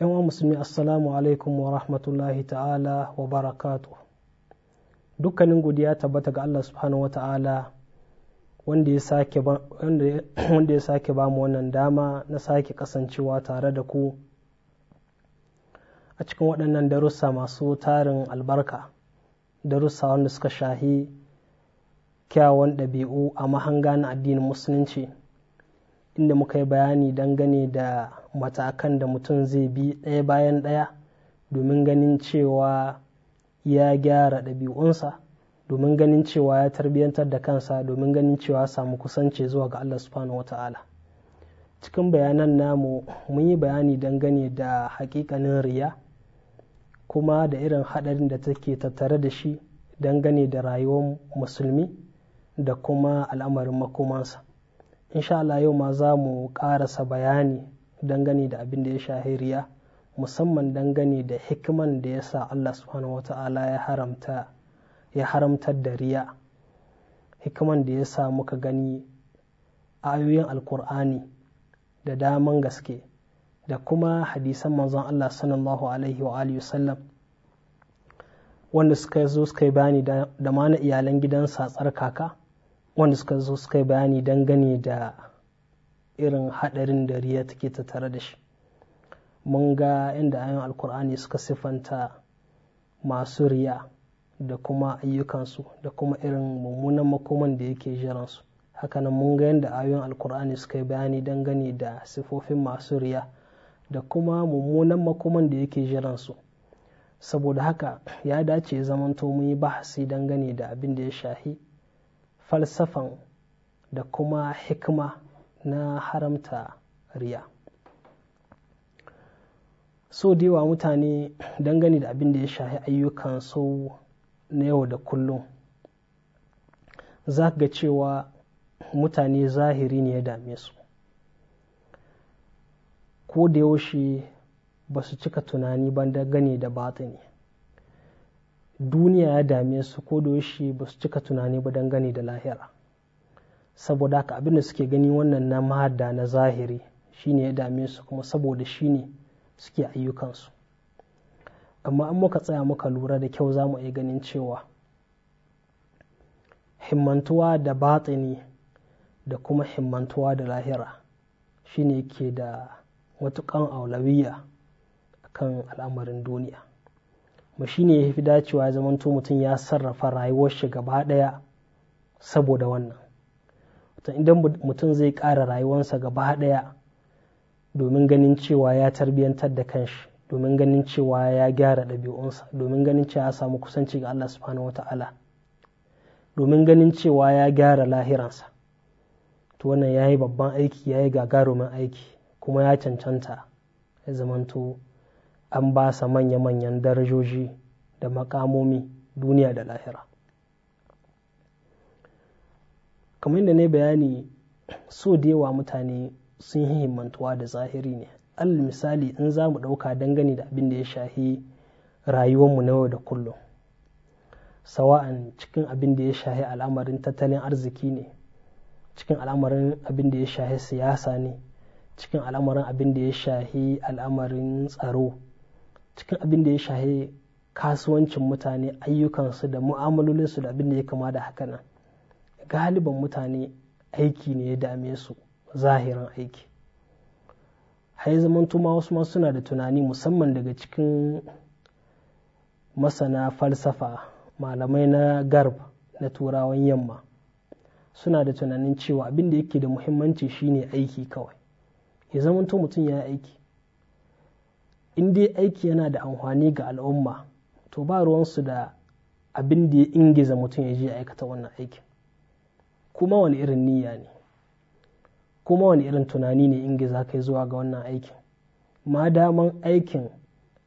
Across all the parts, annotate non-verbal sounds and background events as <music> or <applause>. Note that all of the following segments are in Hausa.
'yan musulmi assalamu alaikum wa rahmatullahi ta'ala wa barakatu dukkanin godiya tabbata ga Allah subhanahu ta'ala <clears throat> wanda ya sake ba mu wannan dama na sake kasancewa tare da ku a cikin waɗannan darussa masu tarin albarka darussa wanda suka shahi kyawun ɗabi'u a mahanga na addinin musulunci inda muka yi bayani dangane da matakan da mutum zai bi ɗaya bayan ɗaya domin ganin cewa ya gyara ɗabi'unsa domin ganin cewa ya tarbiyyantar da kansa domin ganin cewa samu kusanci zuwa ga Allah subhanahu wa ta'ala cikin bayanan namu mun yi bayani dangane da hakikanin riya kuma da irin haɗarin da take tattare da shi dangane da rayuwar musulmi da kuma al'amarin makomansa insha Allah yau ma za mu ƙarasa bayani dangane da abin da ya shahi riya musamman dangane da hikiman da ya sa Allah subhanahu wata'ala ya haramta ya haramtar da riya hikiman da ya sa muka gani ayoyin alkur'ani da daman gaske da kuma hadisan manzon Allah sallallahu alaihi wa alihi sallam wanda suka zo suka yi bani da mana iyalan gidansa tsarkaka wanda suka zo suka yi bayani dangane da irin hadarin da riya take tare da shi mun ga inda ayon alkur'ani suka siffanta masu riya da kuma ayyukansu da kuma irin mummunan makoman da yake jiransu hakanan mun ga yadda ayoyin alkur'ani suka yi bayani dangane da sifofin masu riya da kuma mummunan makoman da yake jiransu saboda haka ya dace zamanto mun yi bahasi dangane da abin da ya shahi falsafan da kuma hikima na haramta riya so dewa mutane dangane da abin da ya shahi ayyukan so na yau da kullum za ga cewa mutane zahiri ne ya dame su ko da yaushe ba su cika tunani ban dangane da batini duniya ya dame su ko da yaushe ba su cika tunani ba gani da lahira saboda haka abin da suke gani wannan na mahadda na zahiri shine ya dame su kuma saboda shine suke ayyukansu amma an muka tsaya muka lura da kyau za mu iya ganin cewa himmantuwa da batini da kuma himmantuwa da lahira shine ke da matukan aulawiya kan al'amarin duniya ba ne ya fi dacewa ya zamanto mutum ya sarrafa rayuwar shi gaba ɗaya saboda wannan idan mutum zai kara rayuwarsa gaba ɗaya domin ganin cewa ya tarbiyyantar da kanshi domin ganin cewa ya gyara ɗabi'unsa domin ganin cewa ya samu kusanci ga Allah subhanahu wa ta'ala domin ganin cewa ya gyara lahiransa to wannan ya yi babban aiki ya yi gagarumin aiki kuma ya cancanta ya zamanto an ba sa manya-manyan darajoji da makamomi duniya da lahira kamar da na bayani so da yawa mutane sun yi himmantuwa da zahiri ne al misali in za mu ɗauka dangane da abin da ya shahi rayuwarmu na yau da kullum sawa'an cikin abin da ya shahi al'amarin tattalin arziki ne cikin al'amarin abin da ya shahi siyasa ne cikin al'amarin abin da ya shahi al'amarin tsaro cikin abin da ya shahe kasuwancin mutane ayyukansu da mu'amalolinsu da abin da ya kama da haka nan galiban mutane aiki ne ya dame su zahirin aiki hai zaman tuma wasu ma suna da tunani musamman daga cikin masana falsafa malamai na garb na turawan yamma suna da tunanin cewa abin da yake da muhimmanci shine aiki kawai ya zamanto mutum ya aiki in dai aiki yana da amfani ga al'umma to ba ruwansu da abin da ya ingiza mutum ya je ya aikata wannan aikin kuma wani irin niyya ne kuma wani irin tunani ne ingiza kai zuwa ga wannan aikin ma daman aikin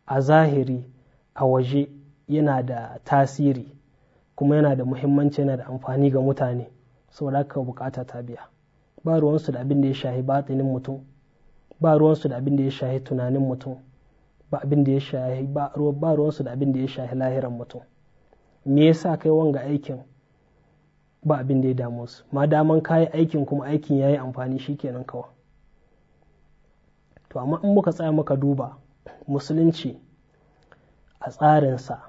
a zahiri a waje yana da tasiri kuma yana da muhimmanci yana da amfani ga mutane saboda haka bukata ta biya ba ruwansu da abin da ya shahi batsinin mutum ba ruwansu da abin da ya shahi tunanin mutum ba abin da ya shahi ba ruwansu da abin da ya shahi lahiran mutum me yasa kai wanga aikin ba abin da ya damu su ma daman kayi aikin kuma aikin ya yi amfani shikenan kawai to amma in muka tsaya muka duba musulunci a tsarinsa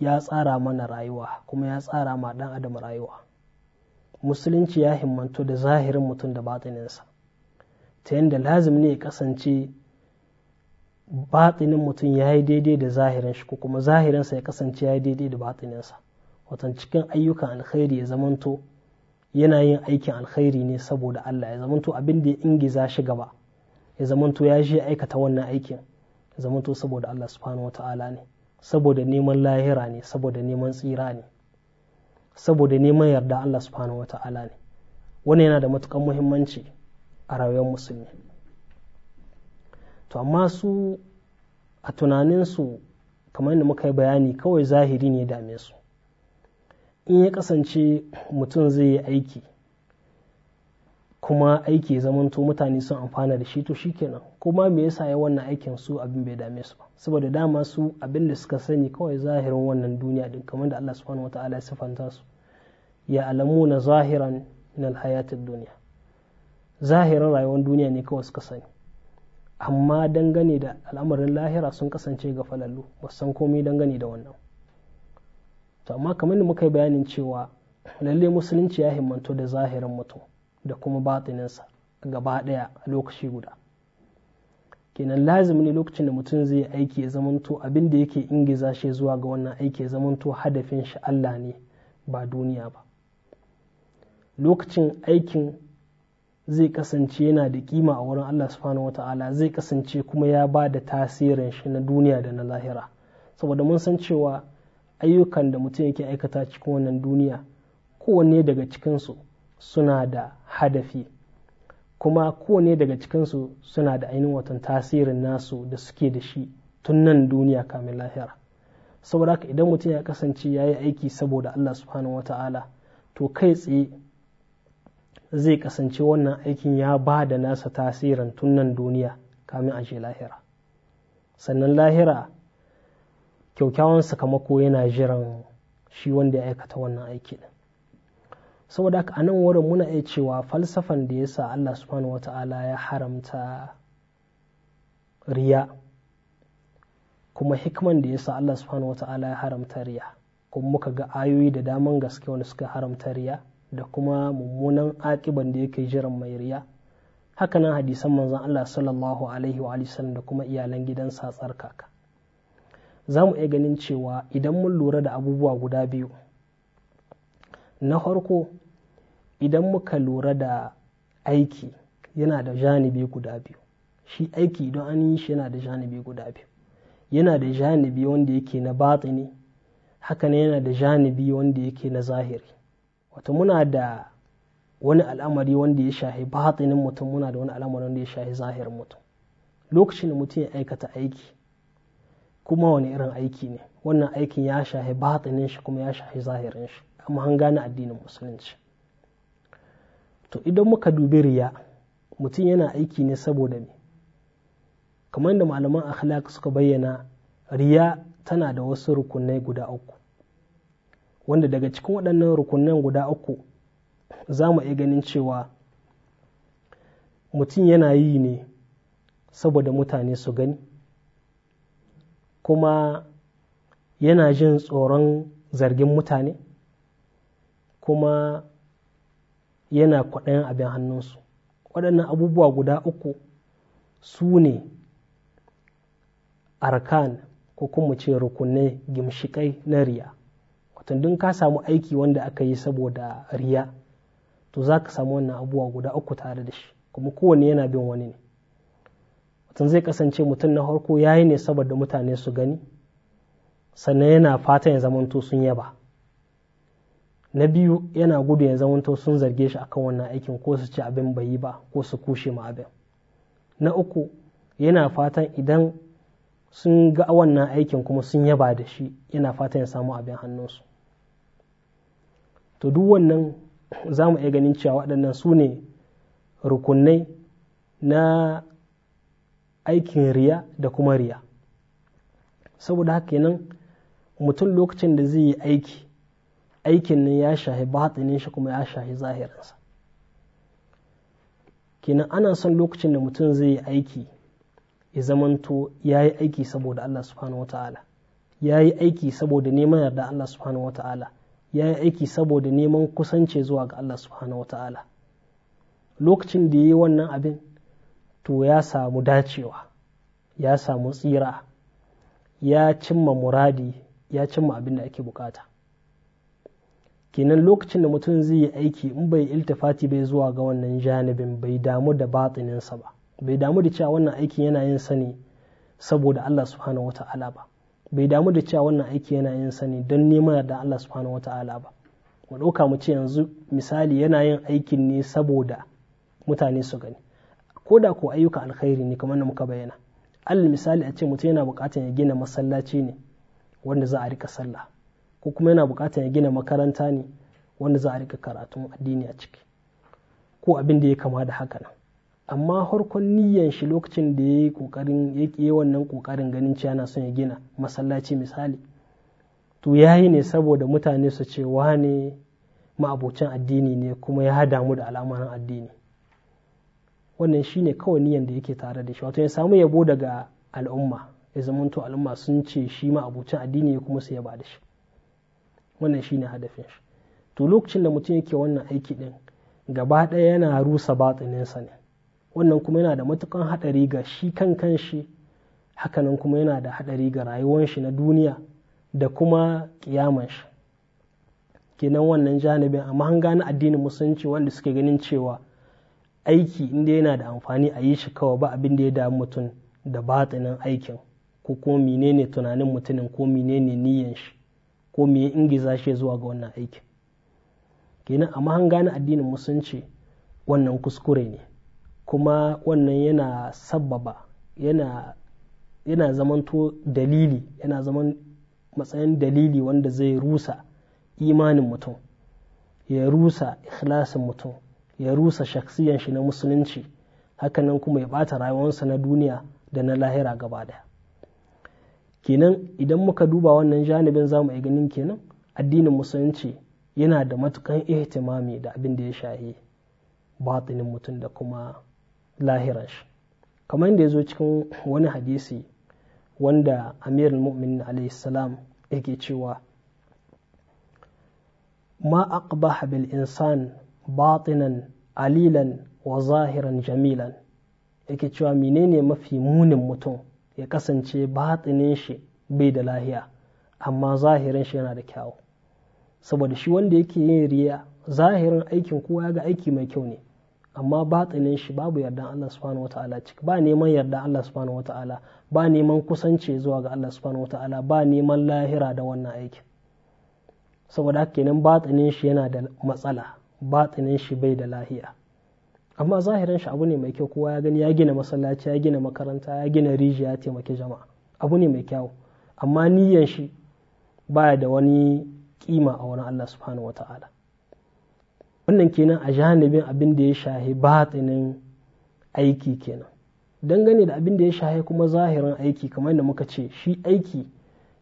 ya tsara mana rayuwa kuma ya tsara ma dan adam rayuwa musulunci ya himmantu da zahirin mutum da batininsa ta yadda lazim ne ya kasance batinin mutum ya yi daidai da zahirin shi ko kuma zahirinsa ya kasance ya yi daidai da batininsa watan cikin ayyukan alkhairi ya zamanto yana yin aikin alkhairi ne saboda Allah ya zamanto abin da ya ingiza shi gaba ya zamanto ya je aikata wannan aikin ya zamanto saboda Allah subhanahu wata'ala ne saboda neman lahira ne saboda neman tsira ne saboda neman yarda Allah subhanahu wata'ala ne wannan yana da matukar muhimmanci a rayuwar musulmi to amma su a tunaninsu kamar yadda muka yi bayani kawai zahiri ne dame su in ya kasance mutum zai yi aiki kuma aiki zamanto mutane sun amfana da shi to shikenan kuma me yasa ya wannan aikin su abin bai dame su ba saboda dama su abin da suka sani kawai zahirin wannan duniya din kamar da Allah subhanahu wataala ya sifanta su ya na zahiran min alhayatid duniya zahirin rayuwar duniya ne kawai suka sani amma dangane da al'amarin lahira sun kasance ga falallu ba san komai dangane da wannan to amma kamar da muka yi bayanin cewa lalle musulunci ya himmanto da zahirin mutum da kuma batininsa gaba ɗaya a lokaci guda kenan lazim ne lokacin da mutum zai yi aiki ya zamanto abinda yake ingiza shi zuwa ga wannan aiki ya zamanto hadafin shi Allah ne ba duniya ba lokacin aikin zai kasance yana da kima a wurin Allah subhanahu wata'ala zai kasance kuma ya ba da tasirin shi na duniya da na lahira saboda mun san cewa ayyukan da mutum yake aikata cikin wannan duniya kowanne daga cikinsu suna da hadafi kuma kowanne daga cikinsu suna da ainihin watan tasirin nasu da suke da shi tun nan duniya kamin lahira saboda haka idan mutum ya kasance ya yi aiki saboda Allah subhanahu wata'ala to kai tsaye zai kasance wannan aikin ya ba da nasa tasirin tunan duniya kamin a je lahira sannan lahira kyaukyawan sakamako yana jiran shi wanda ya aikata wannan aikin. saboda haka anan nan wurin muna iya cewa falsafan da ya sa Allah subhanahu wa ta'ala ya haramta riya kuma hikman da ya sa Allah subhanahu wa ta'ala ya haramta riya kuma muka ga ayoyi da daman gaske wanda suka haramta riya da kuma mummunan aƙiban da yake jiran mai riya nan hadisan manzon Allah sallallahu alaihi wa sallam da kuma iyalan gidansa tsarkaka za mu iya ganin cewa idan mun lura da abubuwa guda biyu na farko idan muka lura da aiki yana da janibi guda biyu shi aiki idan an yi shi yana da janibi guda biyu yana da janibi wanda yake na batini haka ne yana da janibi wanda yake na zahiri wato muna da wani al'amari wanda ya shahi batinin mutum muna da wani al'amari wanda ya shahi zahirin mutum lokacin da mutum ya aikata aiki kuma wani irin aiki ne wannan aikin ya shahi batinin shi kuma ya shahi zahirin shi amma an gane addinin musulunci to idan muka dubi riya mutum yana aiki ne saboda me kamar da malaman akhlaq suka bayyana riya tana da wasu rukunai guda uku wanda daga cikin waɗannan rukunan guda uku za mu iya ganin cewa mutum yana yi ne saboda mutane su gani kuma yana jin tsoron zargin mutane kuma yana kwaɗayin abin hannunsu waɗannan abubuwa guda uku su ne arkan ko kuma ce rukunai gimshikai na riya tundun ka samu aiki wanda aka yi saboda riya to za ka samu wannan abubuwa guda uku tare da shi kuma kowanne yana bin wani ne mutum zai kasance mutum na harko ya yi ne saboda mutane su gani sannan yana fata ya zamanto sun yaba na biyu yana gudu ya zamanto sun zarge shi akan wannan aikin ko su ci abin bai yi ba ko su kushe ma abin na uku yana fatan idan sun ga wannan aikin kuma sun yaba da shi yana fatan ya samu abin hannunsu to duk wannan za mu iya ganin cewa waɗannan su ne rukunai na aikin riya da kuma riya saboda haka kenan mutum lokacin da zai yi aiki aikin nan ya shahi batsinin shi kuma ya shahi zahirinsa kenan ana son lokacin da mutum zai yi aiki ya zamanto ya yi aiki saboda Allah subhanahu wa ta'ala ya yi aiki saboda neman yarda Allah subhanahu wa ta'ala ya yi aiki saboda neman kusance zuwa ga Allah subhanahu wa ta'ala lokacin da ya yi wannan abin to ya samu dacewa ya samu tsira ya cimma muradi ya cimma abin da ake bukata kenan lokacin da mutum zai yi aiki in bai iltifati bai zuwa ga wannan janibin bai damu da batininsa ba bai damu da cewa wannan aikin yana yin sani saboda Allah subhanahu ta'ala ba bai damu da cewa wannan aiki yana yin sani don neman da Allah subhanahu wata'ala ba mu ɗauka mu ce yanzu misali yana yin aikin ne saboda mutane su gani ko da ko ayyuka alkhairi ne kamar da muka bayyana alal misali a ce mutum yana buƙatar ya gina masallaci ne wanda za a rika sallah ko kuma yana buƙatar ya gina makaranta ne wanda za a rika karatun addini a ciki ko abin da ya kama da haka nan amma harkon niyyar shi lokacin da ya yi kokarin ya ke wannan kokarin ganin cewa yana son ya gina masallaci misali to ya yi ne saboda mutane su ce wane ma'abocin addini ne kuma ya damu da al'amarin addini wannan shi ne kawai niyan da yake tare da shi wato ya samu yabo daga al'umma ya zamanto al'umma sun ce shi ma'abocin addini ne kuma su yaba da shi wannan shi ne hadafin shi to lokacin da mutum yake wannan aiki din gaba ɗaya yana rusa batsininsa ne wannan kuma yana da matukan haɗari ga shi kan kan shi hakanan kuma yana da haɗari ga rayuwan shi na duniya da kuma ƙiyaman shi kenan wannan janibin amma an gani addinin musulunci wanda suke ganin cewa aiki inda yana da amfani a yi shi kawai ba abin da ya damu mutum da batsinin aikin ko ko menene tunanin mutumin ko menene niyan shi ko me ya ingiza shi zuwa ga wannan aikin kenan amma an gani addinin musulunci wannan kuskure ne kuma wannan yana sababa yana yana zamanto dalili yana zaman matsayin dalili wanda zai rusa imanin mutum ya rusa ikhlasin mutum ya rusa shaksiyan shi na musulunci hakanan kuma ya bata rayuwarsa na duniya da na lahira gaba daya kenan idan muka duba wannan janibin zamu yi ganin kenan addinin musulunci yana da matukan ihtimami da abin da ya shahi batinin mutum da kuma lahirar shi kamar yadda ya zo cikin wani hadisi wanda amirul mu'min salam yake cewa ma aqbaha bil insan batinan alilan wa zahiran jamilan yake cewa menene mafi munin mutum ya kasance batinin shi bai da lahiya amma zahirin shi yana da kyawu saboda shi wanda yake yin riya zahirin aikin kowa ga aiki mai kyau ne amma batsinin shi babu yarda Allah subhanahu wata'ala ciki ba neman yarda Allah subhanahu wata'ala ba neman kusanci zuwa ga Allah subhanahu wata'ala ba neman lahira da wannan aiki saboda haka kenan batsinin shi yana da matsala batsinin shi bai da lahiya amma zahirin shi abu ne mai kyau kowa ya gani ya gina masallaci ya gina makaranta ya gina rijiya ya taimaki jama'a abu ne mai kyau amma niyyan shi baya da wani kima a wurin Allah subhanahu wata'ala wannan kenan a janibin abin da ya shahi batinin aiki kenan dangane da abin da ya shahi kuma zahirin aiki kamar yadda muka ce shi aiki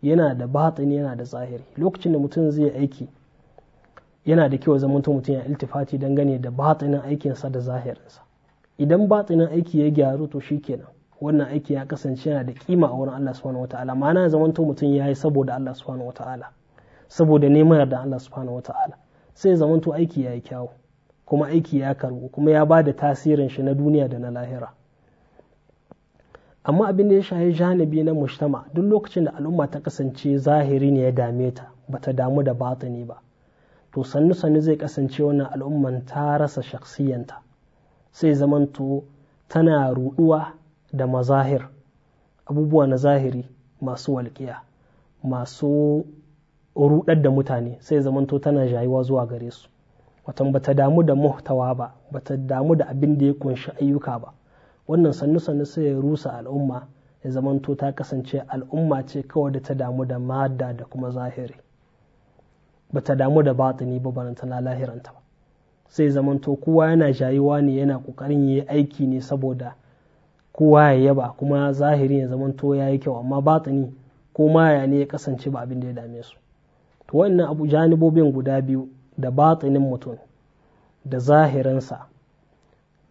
yana da batini yana da zahiri lokacin da mutum zai aiki yana da kyau zama mutum ya iltifati dangane da batinin aikinsa da zahirinsa idan batinin aiki ya gyaru to shi kenan wannan aiki ya kasance yana da kima a wurin Allah subhanahu wataala ma'ana zama mutum ya yi saboda Allah subhanahu wataala saboda neman yarda Allah subhanahu wataala sai zamanto aiki ya yi kyawu kuma aiki ya karbu kuma ya ba da tasirin shi na duniya da na lahira amma abin da ya shahi janibi na mushtama duk lokacin da al'umma ta kasance zahiri ne ya dame ta bata damu da batini ba to sannu sannu zai kasance wannan al'umman ta rasa shaksiyanta sai zamanto tana ruɗuwa da mazahir abubuwa na zahiri masu walƙiya masu rudar da mutane sai zamanto tana jayuwa zuwa gare su watan bata damu da muhtawa ba bata damu da abin da ya kunshi ayyuka ba wannan sannu sannu sai ya rusa al'umma ya zamanto ta kasance al'umma ce kawai da ta damu da mada da kuma zahiri bata damu da batini ba tana lahiranta ba sai zamanto kowa yana jayuwa ne yana kokarin yi aiki ne saboda kowa ya yaba kuma zahiri ya zamanto ya yi kyau amma batini ko ma ya ne ya kasance ba abin da ya dame su wannan abu janibobin guda biyu da batsinin mutum da zahirinsa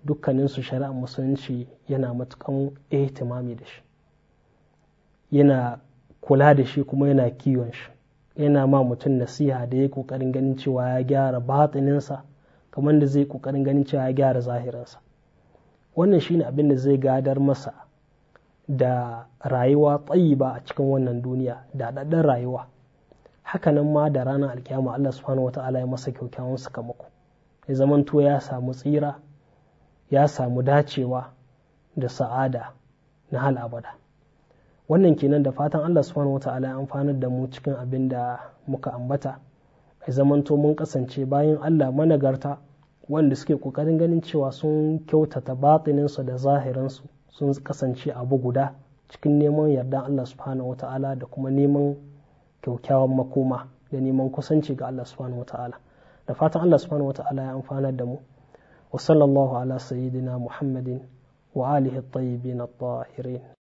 dukkaninsu shari'ar musulunci yana matukan ihtimami da shi yana kula da shi kuma yana kiwon shi yana ma mutum nasiha da ya kokarin ganin cewa ya gyara batsininsa kamar da zai kokarin ganin cewa ya gyara zahirinsa wannan shi ne abin da zai gadar masa da rayuwa tsayi ba a cikin wannan duniya da daɗaɗɗen rayuwa hakanan ma da ranar alkiyama Allah subhanahu wata'ala ya masa kyaukyawan sakamako ya zamanto ya samu tsira ya samu dacewa da sa'ada na hal abada wannan kenan da fatan Allah subhanahu wata'ala ya amfanar da mu cikin abin da muka ambata ya zamanto mun kasance bayan Allah managarta wanda suke kokarin ganin cewa sun kyautata su da su sun kasance abu guda cikin neman yardan Allah subhanahu wata'ala da kuma neman kyaukyawan makoma da neman kusanci ga Allah subhanahu wata'ala da fatan Allah subhanahu ta'ala ya amfana da mu wa sallallahu ala sayyidina muhammadin wa alihi at-tayyibin at-tahirin